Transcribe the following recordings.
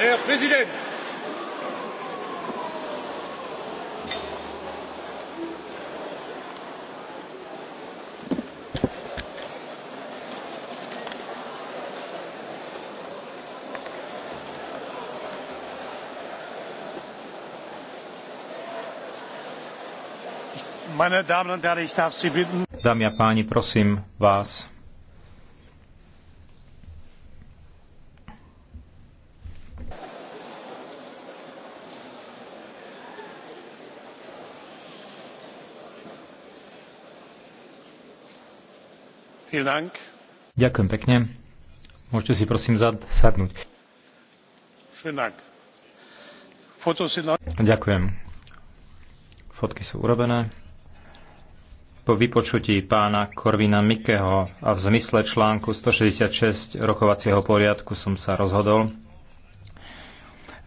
Herr Präsident! Meine Damen und Herren, ich darf Sie bitten. Dámy a páni, prosím vás, Ďakujem pekne. Môžete si prosím sadnúť. Ďakujem. Fotky sú urobené. Po vypočutí pána Korvina Mikeho a v zmysle článku 166 rokovacieho poriadku som sa rozhodol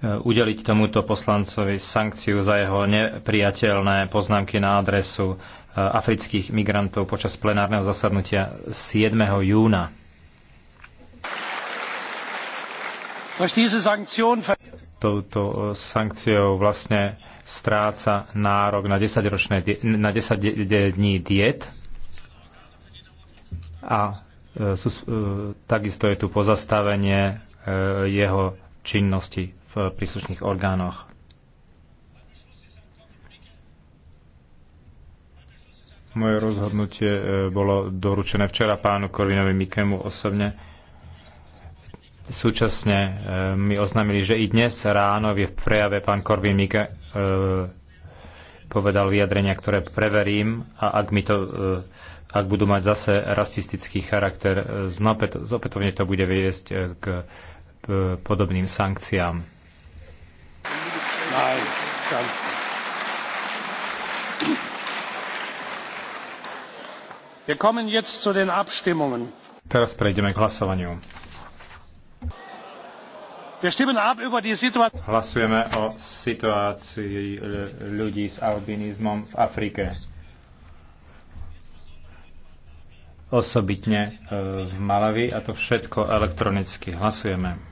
e, udeliť tomuto poslancovi sankciu za jeho nepriateľné poznámky na adresu Eh, afrických migrantov počas plenárneho zasadnutia 7. júna. Touto eh, sankciou vlastne stráca nárok na 10, ročné, na 10 dní diet a eh, sú, takisto je tu pozastavenie jeho činnosti v príslušných orgánoch. Moje rozhodnutie e, bolo doručené včera pánu Korvinovi Mikemu osobne. Súčasne e, mi oznámili, že i dnes ráno je v prejave pán Korvin Mike e, povedal vyjadrenia, ktoré preverím a ak mi to ak budú mať zase rasistický charakter, zopätovne to bude viesť k podobným sankciám. Nein, Teraz prejdeme k hlasovaniu. Hlasujeme o situácii e, ľudí s albinizmom v Afrike. Osobitne e, v Malavi a to všetko elektronicky hlasujeme.